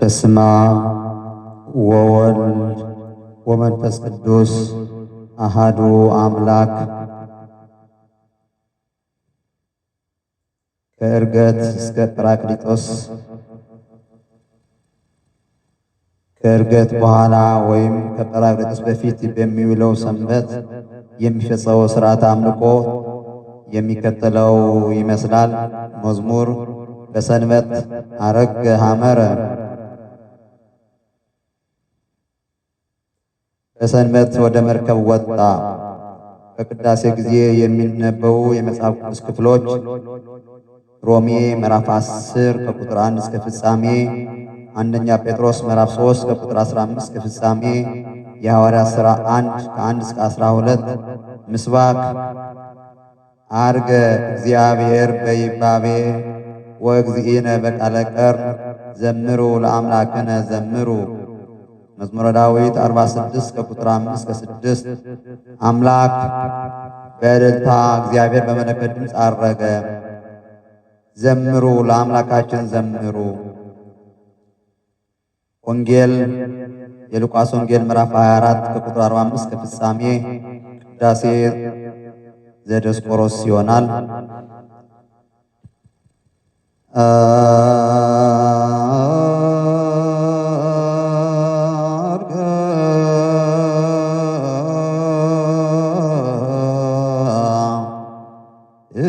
በስማ ወወልድ ወመንፈስ ቅዱስ አሃዱ አምላክ። ከዕርገት እስከ ጰራቅሊጦስ ከዕርገት በኋላ ወይም ከጰራቅሊጦስ በፊት በሚውለው ሰንበት የሚፈጸው ሥርዓተ አምልኮ የሚከተለው ይመስላል። መዝሙር በሰንበት አረገ ሐመረ በሰንበት ወደ መርከብ ወጣ። በቅዳሴ ጊዜ የሚነበቡ የመጽሐፍ ቅዱስ ክፍሎች ሮሜ ምዕራፍ 10 ከቁጥር 1 እስከ ፍጻሜ፣ አንደኛ ጴጥሮስ ምዕራፍ 3 ከቁጥር 15 እስከ ፍጻሜ፣ የሐዋርያ ሥራ 1 ከ1 እስከ 12፣ ምስባክ አርገ እግዚአብሔር በይባቤ ወእግዚእነ በቃለ ቀር ዘምሩ ለአምላክነ ዘምሩ መዝሙረ ዳዊት 46 ከቁጥር 5 እስከ 6 አምላክ በእልልታ እግዚአብሔር በመለከት ድምፅ አረገ። ዘምሩ ለአምላካችን ዘምሩ። ወንጌል የሉቃስ ወንጌል ምዕራፍ 24 ከቁጥር 45 እስከ ፍጻሜ ቅዳሴ ዘደስቆሮስ ይሆናል። وإذ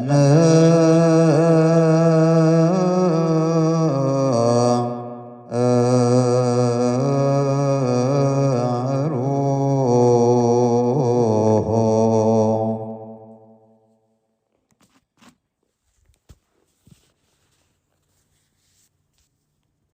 Damn